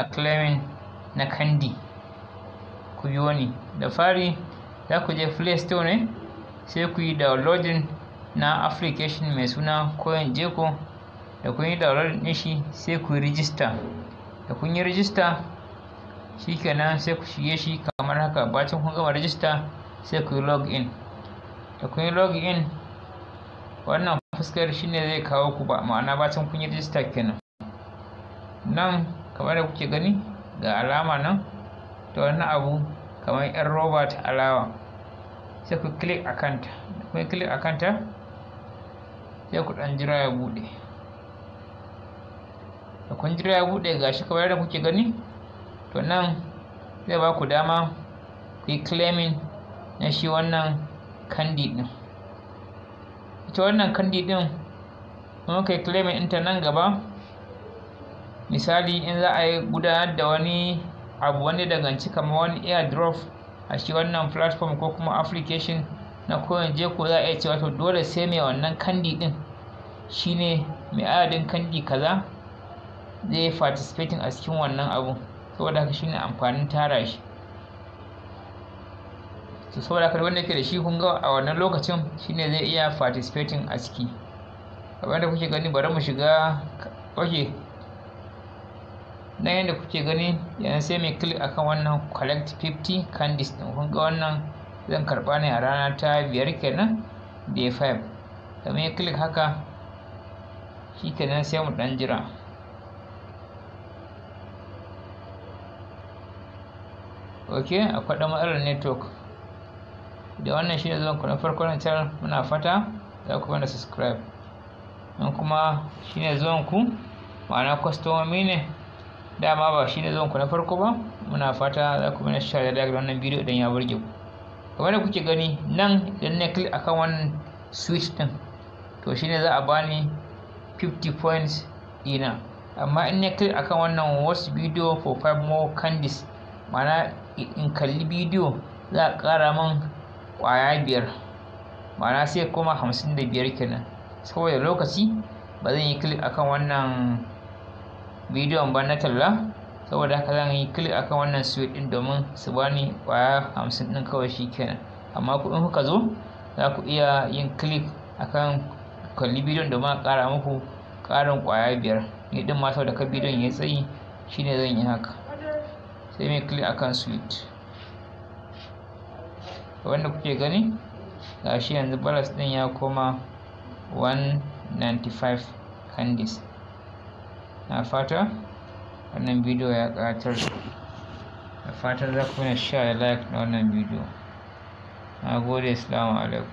acclaiming na kandi ku yi wani da fari za ku je play store ne sai ku yi downloadin na application mai suna koyon jeko da kun yi downloadin din shi sai ku yi register da kun yi register shikenan sai ku shige shi kamar haka bacin kun gama register sai ku yi log in da kun yi log in wannan fuskar shine zai kawo ku ba ma'ana bacin kun yi register kenan nan kamar da kuke gani ga alama nan ta wani abu kamar yan roba ta alawa sai ku click a kanta kuma click a kanta sai ku ɗan jira ya bude da kun jira ya ga shi kamar da kuke gani to nan zai ba ku dama ku yi claiming na shi wannan kandi ɗin ita wannan kandi ɗin kuma kai claiming ɗinta nan gaba misali in za a yi gudanar da wani abu wani danganci kamar wani airdrop a shi wannan platform ko kuma application na koyon je ko za a iya cewa to dole sai mai wannan kandi din shine mai adadin kandi kaza zai yi participating a cikin wannan abu saboda haka shine amfanin tara shi to saboda haka wanda yake da shi kun ga a wannan lokacin shine zai iya participating a ciki kamar kuke gani bari mu shiga okay na yadda kuke gani yanzu sai mai click akan wannan collect 50 candies din kun ga wannan zan karba ne a rana ta biyar kenan day 5 da mai click haka shi kenan sai mu dan jira ok akwai dan matsalar network da wannan shi ne zan kuna farko na tar muna fata za ku mana subscribe kuma shi ne zuwan ku ma'ana kwastomomi ne dama ba shi ne zuwanku na farko ba muna fata za ku mana shi da wannan bidiyo idan ya burge ku kamar da kuke gani nan idan na click akan wannan switch din to shine za a bani 50 points dina amma in na click akan wannan watch video for five more candies mana in kalli bidiyo za a kara min kwaya biyar mana sai kuma 55 kenan saboda lokaci ba zan yi click akan wannan bidiyon ba na talla saboda haka zan yi click akan wannan sweet din domin su bani kwaya hamsin din kawai shikenan amma kuɗin kuka zo za ku iya yin click akan kalli bidiyon domin a kara muku karin kwaya biyar ni din ma saboda ka bidiyon ya tsayi shine zan yi haka sai mai click akan sweet wanda kuke gani gashi yanzu balas din ya koma 195 candies na fata wannan bidiyo ya ƙatar da fatan za ku share like na wannan bidiyo na gode salamu alaikum